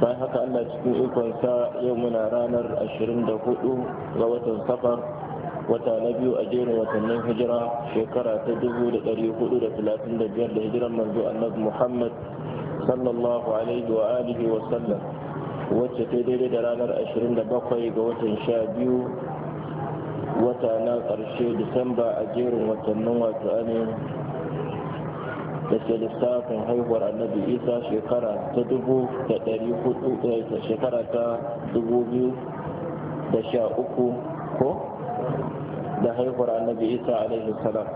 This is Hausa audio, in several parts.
bayan haka allah cikin ikonsa yau muna ranar 24 ga watan safar wata na biyu a jerin watannin hijira shekara ta 435 da hijiran manzo annabi muhammad sallallahu alaihi wa alihi wa sallam wacce ta daidai da ranar 27 ga watan 12 wata na ƙarshe disamba a jerin watannin wato ainihin da ke lissafin haihuwar annabi isa shekara ta dubu da ɗari hudu eh, shekara ta dubu biyu da sha uku ko da haihuwar annabi isa alaihi salam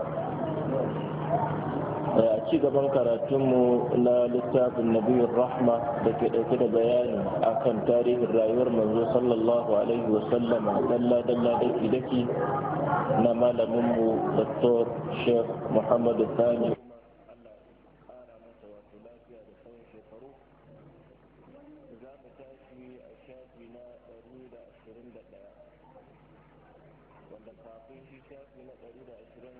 eh, a ci gaban karatunmu na littafin nabiyar rahma da ke ɗauke da bayani akan tarihin rayuwar manzo sallallahu alaihi wasallama dalla dalla daki daki na malaminmu dr sheikh muhammadu sani daya wanda kafin shi shafi na ɗari da ashirin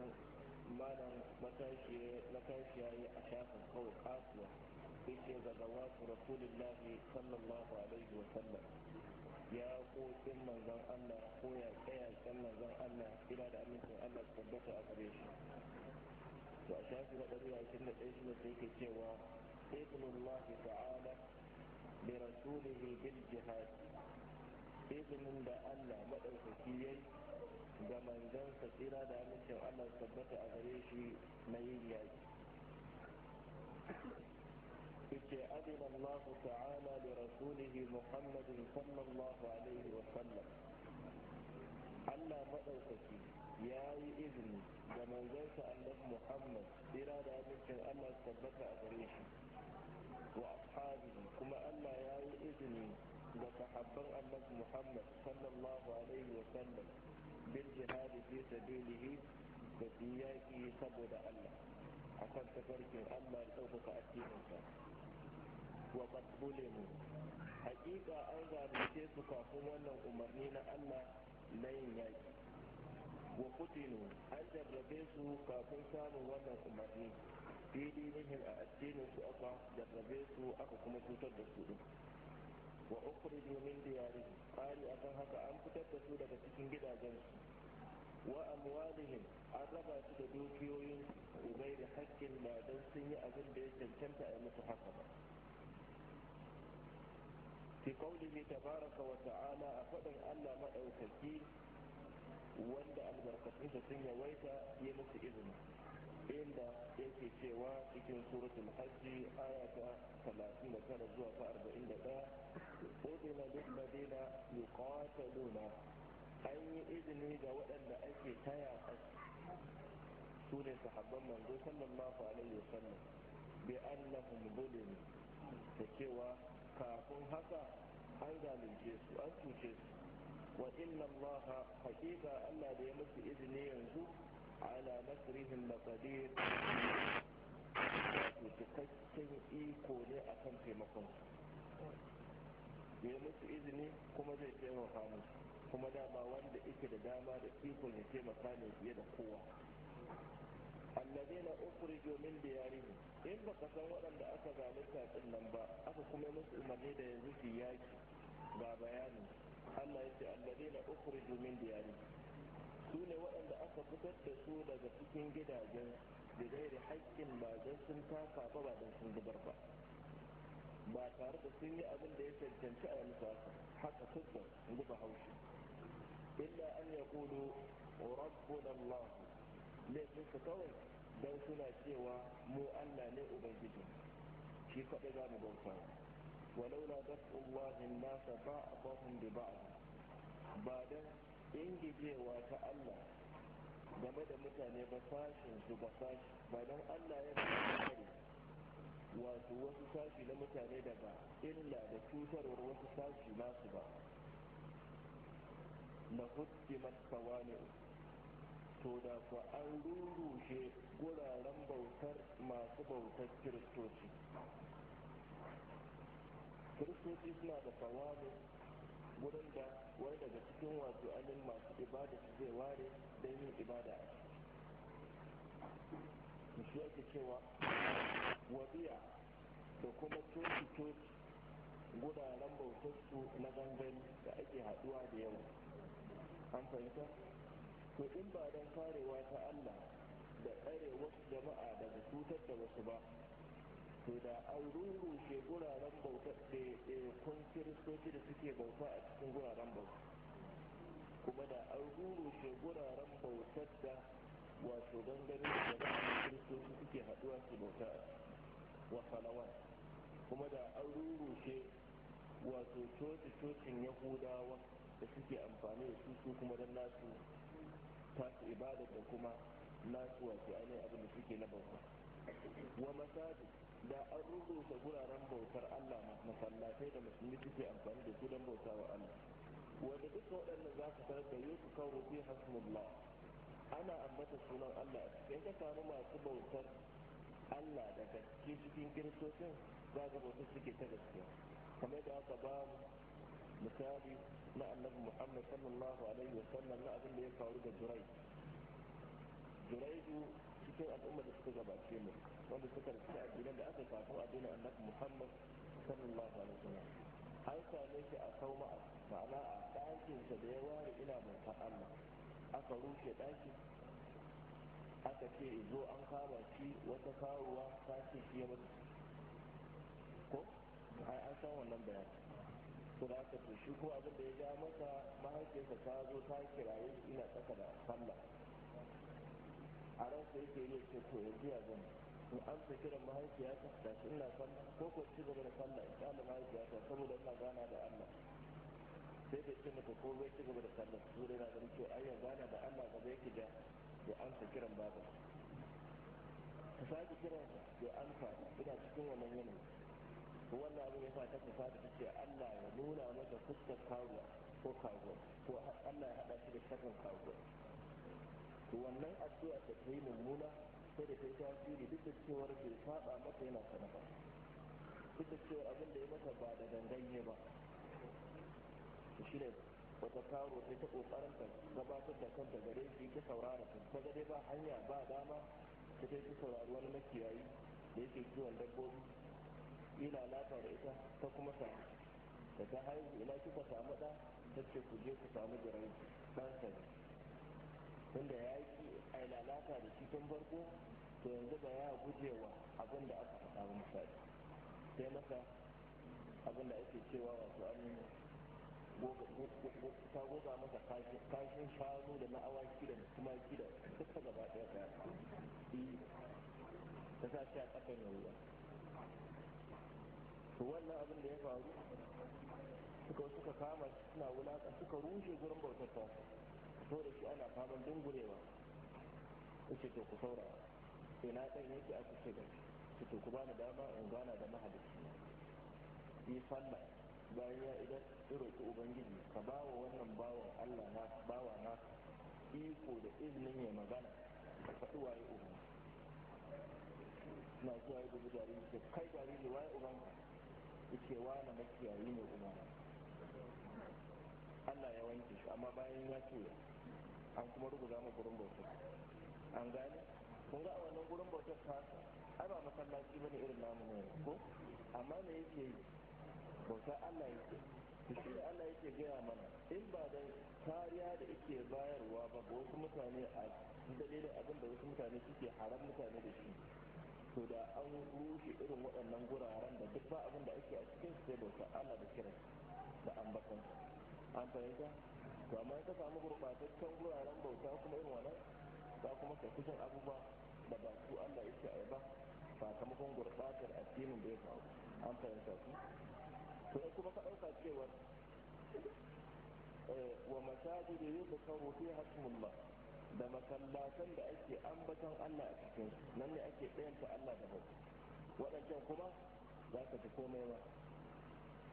malam matashiya yi a shafin kawai kasuwa yake daga wasu rasulullahi sallallahu alaihi wa sallam ya kokin manzan Allah ko ya tsaya kan manzan Allah ina da amincin Allah su tabbata a gare shi to a shafi na ɗari ashirin da ɗaya shi ne sai ke cewa ibnullahi ta'ala bi rasulihi bil jihad izinin da Allah maɗaukaki ya yi ga sa tsira da amincin Allah tabbata a gare shi na yin yaƙi yace adin Allah ta'ala da rasulihi Muhammadin sallallahu alaihi wa sallam Allah maɗaukaki ya yi izini ga manzon sa Allah Muhammad tsira da amincin Allah tabbata a gare shi wa ashabihi kuma Allah ya yi izini da sahabban annabi muhammad sallallahu alaihi wa sallam bil jihadi fi sabilihi da biyaki saboda allah akan tafarkin allah ya ɗaukaka addininsa wa qad mu. hakika an zalunce su kafin wannan umarni na allah na yin yaki wa kutinu an jarrabe su kafin samun wannan umarni fi dinihim a addinin su aka jarrabe su aka kuma cutar da su wa ukhrij min diyarihim qali akan haka an fitar da su daga cikin gidajen wa amwalihim an raba su da dukiyoyin ubai da hakkin ba don sun yi abin da ya cancanta a musu haka ba fi qawlihi tabaraka wa ta'ala a faɗin Allah maɗaukaki wanda albarkatunsa sun yawaita ya musu izini inda yake cewa cikin suratul hajji aya ta 39 zuwa ta 41 udina duk madina yuqataluna an yi izini ga waɗanda ake taya su ne sahabban manzo sallallahu alaihi wasallam bi annahum bulim da cewa kafin haka an zalunce su an cuce su wa inna allaha Hakika allah da ya musu izini yanzu ala nasrihim laqadir wato cikakken iko ne a kan taimakon su ya musu izini kuma zai taimaka mu? kuma dama wanda yake da dama da ikon ya taimaka ne fiye da kowa alladheena ukhrijoo min diyarihim in ba ka san waɗanda aka zalunta din nan ba aka kuma musu umarni da yanzu su yaki ga bayani Allah ya ce alladheena ukhrijoo min diyarihim su ne waɗanda aka fitar da su daga cikin gidajen da gairi haƙƙin ba don sun taka ba ba don sun zubar ba ba tare da sun yi abin da ya cancanci a yanzu haka tabbar zuba haushi illa an ya kudu rabbuna allah laifin su kawai don suna cewa mu allah ne ubangiji shi kaɗai za mu bauta walaula dafu allah nasa ba a bahun ba ingijewa ta Allah game da mutane ba fashin su ba fashi ba don Allah ya kare wato wasu sashi na mutane daga illa da cutarwar wasu sashi nasu ba na hukkimat sawani'u to da ku an rurrushe guraren bautar masu bautar kiristoci kiristoci suna da sawani'u wurin da wani daga cikin wato alin masu ibada su zai ware don yin ibada a shi yake cewa wadiya da kuma coci-coci guraren bautarsu na gangan da ake haɗuwa da yawa an fahimta to in ba don karewa ta allah da tsare wasu jama'a daga cutar da wasu ba sai da an rurrushe guraren bauta eh, kun kiristoci da suke bauta a cikin guraren bauta kuma da an rurrushe guraren bautar da wato gangare da jama'a kiristoci suke haɗuwa su bauta wa salawat kuma da an rurrushe wato coci-cocin yahudawa da suke amfani da su su kuma don nasu tasu ibada da kuma nasu wato ainihin abin da suke na bauta wa masajid da an rubuta guraren bautar Allah masallatai da musulmi suke amfani da su don bauta wa Allah wanda duka waɗanda za ka sanar da yau kan rufi hasmullah ana ambata sunan Allah a cikin ka samu masu bautar Allah daga cikin kiristocin za ka bautar suke ta gaske kamar da aka ba misali na annabi Muhammad sallallahu alaihi wa sallam na abin da ya faru da Jurai Juraidu cikin al'ummar da suka gabace mu wanda suka a addinan da aka a addinin annabi muhammad sallallahu alaihi wasallam an ne shi a kauma ma'ana a ɗakinsa da ya ware ina manta allah aka rushe ɗakin aka ce zo an kama shi wata kawuwa ta ce shi ya mutu ko ai an san wannan bayani to da aka shi ko abin da ya ja masa mahaifiyarsa ta zo ta kiraye ina tsaka da sallah a ransa yake yi ce to yanzu ya zama in amsa kiran mahaifiyata da shi ina san ko ko ci gaba da sallah in kyale mahaifiyata saboda ina gana da Allah sai bai ce mata ko bai ci gaba da sallah su dai na ganin cewa ayyan gana da Allah zai yake da ya amsa kiran baba ta sake kiran ya amsa ina cikin wannan yanayi ko wannan abin ya sa ta kusa da ce Allah ya nuna mata fuskar kawo ko kawo ko Allah ya hada shi da sakan kawo to wannan addu'a ta yi mummuna Kada da ta yi tasiri duk da cewar bai saba mata yana ba, duk da cewar abin da ya mata ba da danganye ba shi ne wata karo sai ta kokarin ta gabatar da kanta gare shi ta saurara ta ta dai ba hanya ba dama ta kai ta saurari wani makiyayi da yake kiwon dabbobi ina lata da ita ta kuma ta, da ta haihu ina kika samu da ta ce ku je ku samu jirai ɗan sani tunda ya yi a yi lalata da shi tun farko to yanzu ba ya gujewa abin da aka faɗa ba misali sai masa abin da ake cewa wato an ta goga masa kashin shanu da na awaki da tumaki da duka gaba ɗaya ta e, ta sa shi a ƙasan ruwa to wannan abin da ya faru suka suka kama suna wulaƙa suka rushe gurin bautar ta so da shi ana faman dungurewa yake to ku sai ina ɗan yake aka ce gani ku to ku bani dama in gana da mahalicci yi sallah bayan ya idan ya roƙi ubangiji ka ba wa wannan bawan allah na bawa na iko da izinin ya magana ka faɗi waye uban suna zuwa ya gudu jariri ce kai jariri waye uban yake wani makiyayi ne uban allah ya wanke shi amma bayan ya ce an kuma rubuta mu gurin bautar an gane kun ga a wannan gurin bautar tasa ai ba masallaci bane irin namu ne ko amma me yake bauta? Allah yake shi da Allah yake gaya mana in ba da kariya da yake bayarwa ba ga wasu mutane a dalilin abin da wasu mutane suke haram mutane da shi to da an rushe irin waɗannan guraren da duk ba abin da ake a cikin su sai bauta Allah da kira da ambatan an fahimta to amma ka samu gurɓataccen guraren bauta kuma irin wannan za kuma ka kusan abubuwa da ba su Allah yake a ba sakamakon gurbatar addinin da ya faru an fahimta su to sai kuma ka ɗauka cewa eh, wa masajid kawo fi hasmullah da masallatan da ake ambaton Allah a cikin nan ne ake tsayanta Allah da bauta waɗancan kuma za ka ji komai ba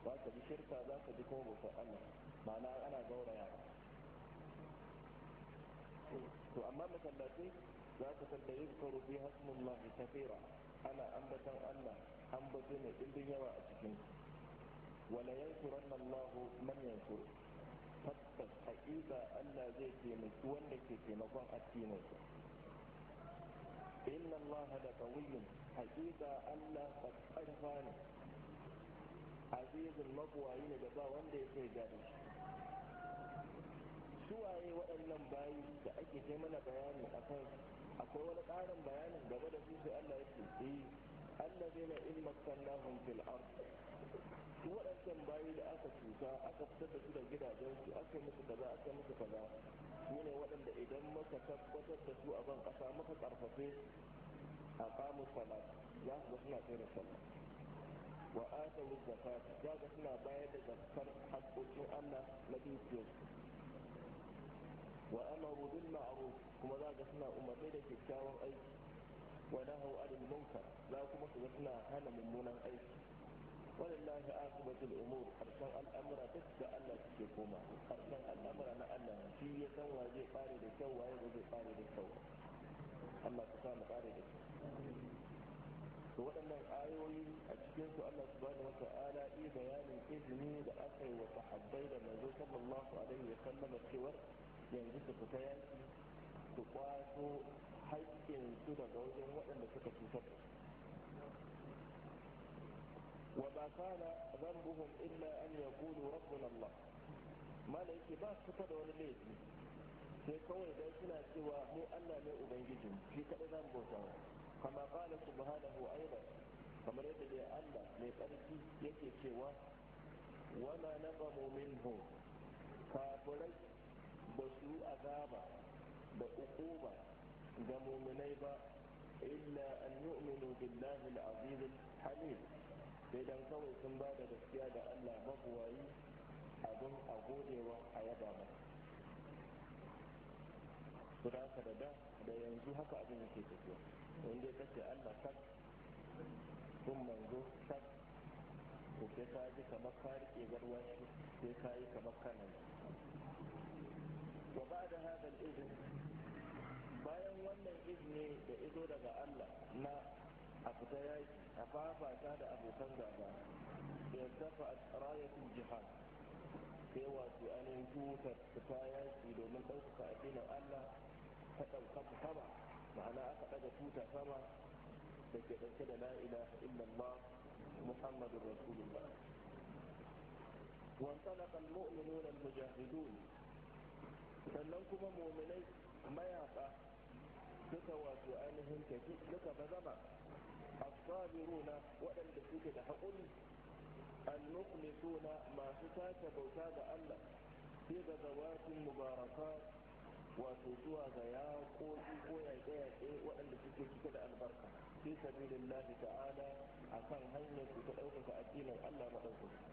za ka ji shirka za ka ji kuma bautar Allah ma'ana ana gauraya to amma masallatai za ka tadda yuzkaru fi kafira ana ambatan Allah ambato ne ɗimbin yawa a cikin wala yansuranna Allahu man yansur tabbas haƙiƙa Allah zai taimaki wanda ke taimakon addininsa inna Allah da qawiyyun haƙiƙa Allah tsarfa ne azizul maqwayi ne da ba wanda yake gadi shi suwaye waɗannan bayi da ake sai mana bayani a kan akwai wani ƙarin bayanin gaba da su sai Allah ya ce eh allazi na in makkannahum fil ard su waɗancan bayi da aka cuta aka fitar da su da gidajen su aka musu kaza aka musu kaza su ne waɗanda idan muka tabbatar da su a ban ƙasa muka ƙarfafe a kamun salat za su suna kai da salat wa atawu zakat za suna bayar da zakar haƙƙoƙin Allah na dukiyarsu وأمروا بالمعروف كما لا قسنا أمتي لكتاوة أي ونهوا عن المنكر لا كما قسنا هنا من منى أي ولله عاقبة الأمور أرسل الأمر تكتا ألا تكتكما أرسل الأمر أنا ألا في يتن واجي قاري لكو وهي وجي قاري لكو أما تسام قاري لكو وأن الآيوي أشكنت الله سبحانه وتعالى إذا إيه يعني إذني لأخي وتحبينا النبي صلى الله عليه وسلم في yanzu su fita yaki, su haƙƙin su daga wajen waɗanda suka cutar da وما قال ذنبهم إلا أن يقولوا ربنا Allah ما ba su da wani laifi sai kawai dai suna cewa mu Allah ne ubangiji shi kaɗai zan bauta wa kama qala subhanahu aida kamar yadda dai Allah mai tsarki yake cewa ma naqamu minhu kafirai ba su azaba da ukuba ga muminai ba illa an yu'minu billahi al-aziz al sai dan kawai sun ba da gaskiya da Allah mabuwayi abin a godewa a yaba ba su da da da da yanzu haka abin yake tafiya wanda ya kace Allah sak sun manzo sak ko sai ka ji kamar ka rike garwashi sai ka yi kamar kanan wa ba da hadal izin bayan wannan izini da izo daga Allah na a fita yaki a fafata da abokan gaba ya tafa a rayatun jihar sai wato ainihin tutar fita yaki domin ɗaukaka addinin Allah ta ɗaukaka sama ma'ana aka ɗaga tuta sama da ke ɗauke da la'ila illallah muhammadu rasulullah وانطلق المؤمنون المجاهدون sannan kuma muminai mayaƙa duka wato ainihin tafi duka bazama tsabiruna waɗanda suke da haƙuri al-mukhlisuna masu tace bauta ga Allah sai ga zawatin mubaraka wato zuwa ga yaƙoƙi ko yaƙe-yaƙe waɗanda suke cike da albarka fi sabilin lafi ta'ala a kan hanyar su ta ɗaukaka addinin allah maɗaukaki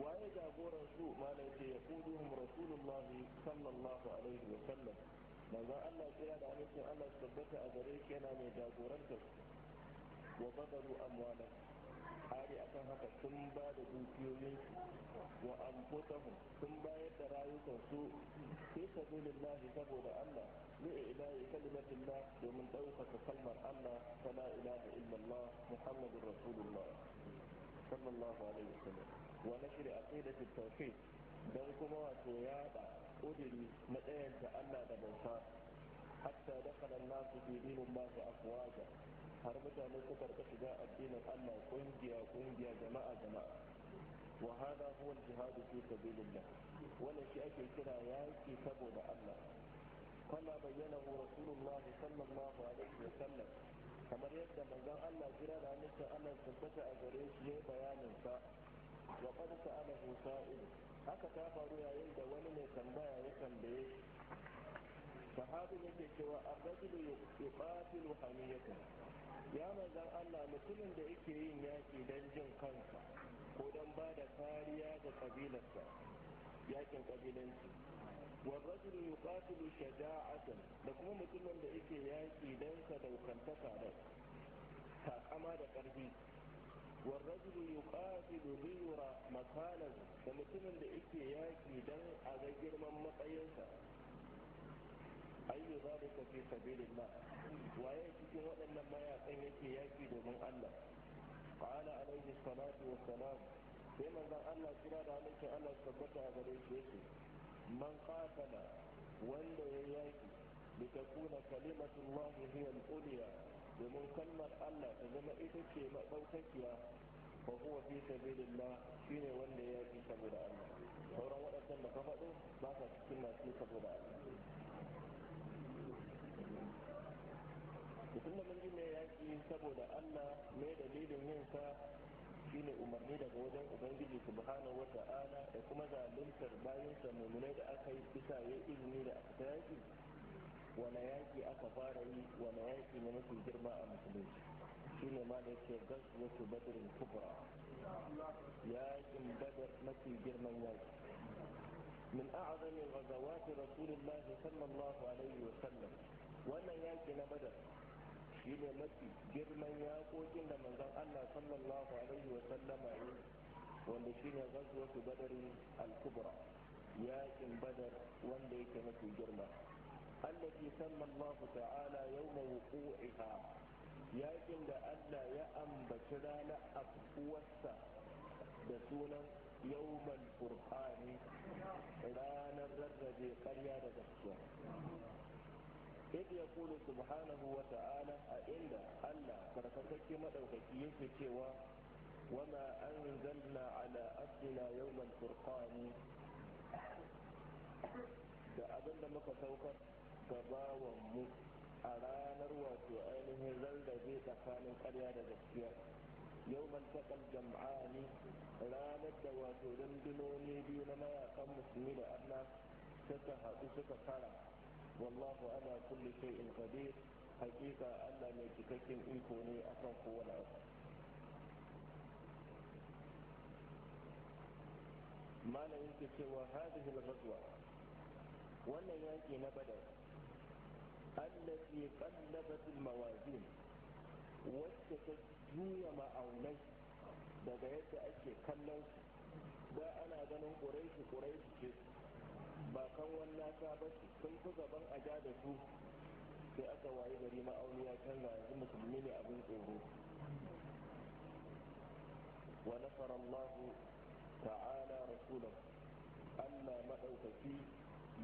waye jagoran su malam ce ya ƙudu الله manzo Allah kira da amincin Allah tabbata a gare shi yana mai jagorantar wa badaru amwala hari akan haka sun ba da dukiyoyin wa anfusahum sun bayar da rayukan su fi sabilillah saboda Allah li ilahi kalimatillah domin ɗaukaka kalmar Allah ta ilaha illallah muhammadur rasulullah sallallahu alaihi wa nashri tawhid don kuma wato ya ba udiri matsayanta Allah da bauta hatta dakhala an-nas fi dinillahi afwaja har mutane suka rika shiga addinin Allah kungiya kungiya jama'a jama'a wa hada huwa al-jihad fi sabilillah wannan shi ake kira yaki saboda Allah kama bayyanahu rasulullah sallallahu alaihi wa sallam kamar yadda manzon Allah jira da nake Allah tabbata a gare shi ya bayanin sa wa qad sa'alahu sa'il haka ta faru yayin da wani mai tambaya ya tambaye ne ke cewa arrajulu yuqatilu hamiyata ya manzan Allah mutumin da yake yin yaƙi don jin kansa ko don ba da kariya ga ƙabilarsa yakin kabilanci والرجل يقاتل شجاعة da kuma mutumin da yake yaki dan sadaukantaka da takama da ƙarfi والرجل يقاتل ليرى مكانه da mutumin da yake yaki dan a ga girman matsayinsa ayyu zalika fi sabilillah waye cikin waɗannan mayakan yake yaki domin Allah qala alaihi salatu salam. sai manzon Allah kira da halittar Allah tabbata a gare shi yake man qatala wanda ya yaki litakuna kalimatullahi hiya al-ulya domin kalmar Allah ta zama ita ce maɗaukakiya ba huwa fi shi shine wanda ya fi saboda Allah sauran waɗancan da ka faɗo ba ka cikin masu saboda Allah mutum da mun ji mai yaƙi saboda Allah mai dalilin yin sa shine umarni daga wajen ubangiji subhanahu wa ta'ala da kuma zaluntar bayansa mummunai da aka yi bisa ya izini da aka yaƙi wani yaki aka fara yi wani yaki ne mafi girma a musulunci ne ma da yake gaswatu badirin kubra yakin badar mafi girman yaki من أعظم غزوات رسول الله wa الله wannan وسلم na badar shi ne mafi girman yakokin da manzan Allah sallallahu alaihi wa a yi wanda shi shine ghazwatu badr al-kubra yakin badar wanda yake mafi girma التي سمى الله تعالى يوم وقوعها يجب لألا يأم بشلال أفوس بسونا يوم الفرقان ران الرجل قريا رجل إذ يقول سبحانه وتعالى أئلا ألا فرقتك مدوكي يفكي وما أنزلنا على أصلنا يوم الفرقان da abin da muka saukar Gabawan mu a ranar wato ainihin rarrabe tsakanin karya da gaskiya yau man taƙal jam'ani ranar da wato rundunoni biyu na mayakan musulmi da allah suka haɗu suka fara wallahu ala kulli shay'in qadir hakika allah mai cikakken iko ne akan kowane abu malamin ke cewa hadhihi al wannan yaki na badar allati qallabat al-mawazin wacce ta juya ma'aunai daga yadda ake kallon su da ana ganin ƙuraishi ƙuraishi ce ba kan wannan ta ba sun fi gaban aja da su sai aka waye gari ma'auni ya canza yanzu musulmi ne abin tsoro wa nasara Allah ta'ala rasulahu Allah maɗaukaki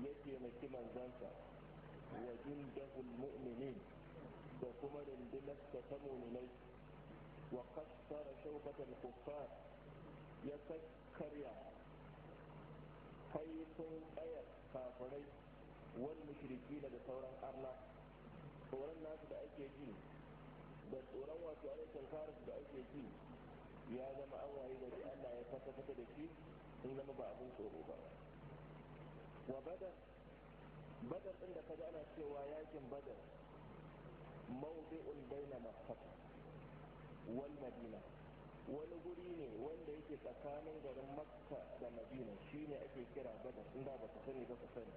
ya taimaki manzansa wa jundahul mu'minin da kuma rundunarsa ta mu'minai wa kassara shaukatar kuffar ya kakkarya haifin tsayar kafirai wani mushriki da sauran arna tsoron nasu da ake ji da tsoron wato alaikin karis da ake ji ya zama an waye da allah ya fata fata da shi in zama ba abin tsoro ba wa badar badar ɗin da ka ana cewa yakin badar mawdi'un baina makkata wal madina wani guri ne wanda yake tsakanin garin makka da madina shine ake kira badar inda ba ka sani ba ka sani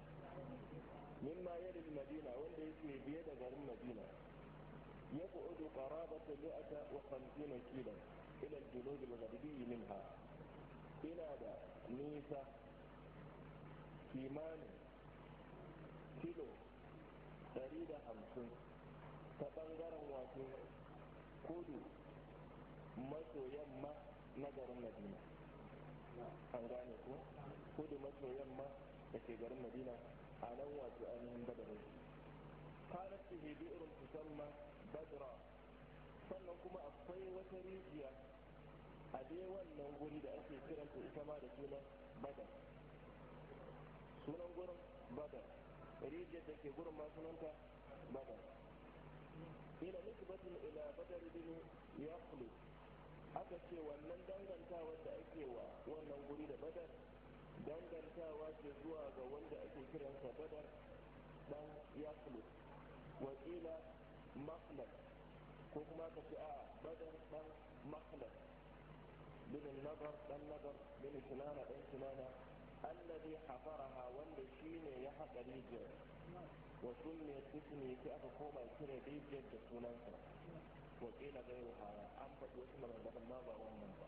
ma yadda madina wanda yake biye da garin madina ya ku'udu qarabata mi'ata wa khamsina kila ila al-junub al ghadibi minha ina da nisa kimanin kilo 150 ta bangaren wato kudu maso yamma na garin madina an gane ku kudu maso yamma da ke garin madina a nan wato ainihin badarai kanat fihi bi'run tusamma badra sannan kuma akwai wata rijiya a dai wannan guri da ake kiranta ita ma da sunan badar sunan gurin badar rijiyar da ke gurin masunanta badar ila nisbatin ila badar bin yaqlu aka ce wannan dangantawa da ake wa wannan guri da badar dangantawa ce zuwa ga wanda ake kiransa badar dan yaqlu wa ila maqlab ko kuma ka ce a badar dan maqlab bin nazar dan nazar bin tunana dan tunana. allazi hafaraha wanda shine ya haɗa rijiyar wa sunniyar ismi sai aka koma kira rijiyar da sunansa wa kila gairu haya an faɗi wasu maganganun ma ba wannan ba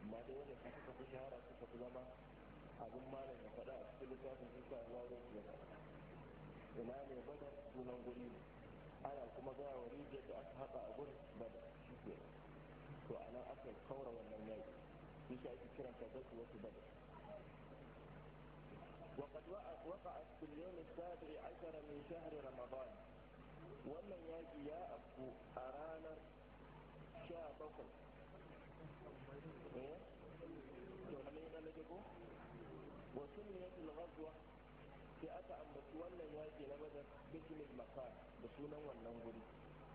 amma dai wanda suka fi shahara suka fi zama abin malam ya faɗa a cikin littafin suka ya zo su ya ina ne badar sunan guri ana kuma gaya wa rijiyar da aka haɗa a gurin badar shi ke to a nan aka kaura wannan yaƙi shi ake kiran ta zasu wasu badar وقد وقعت في اليوم السابع عشر من شهر رمضان wannan yaƙi ya afku a ranar sha to ne na nake wasu ne ya tulgazwa sai aka ambaci wannan yaƙi na badar bismil makar da sunan wannan guri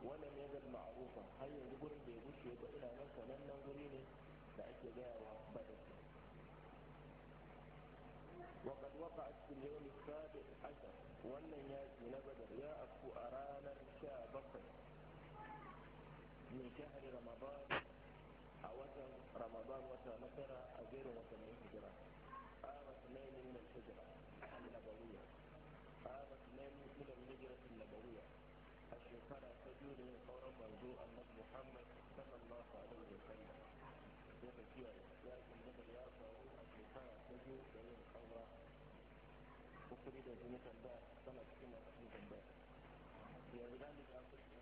wannan ya zama ma'arufa har yanzu gurin da ya gushe ba ina nan sanannen guri ne da ake gaya wa اليوم السابع عشر wannan yaki na badar ya afku a ranar sha bakwai min shahari ramadan a watan ramadan wata nasara a jerin watannin hijira amat nailin min hijira al-nabawiyya amat nailin min hijira al-nabawiyya a shekara تريد أن تنتبه سنة كما تنتبه لذلك أصبح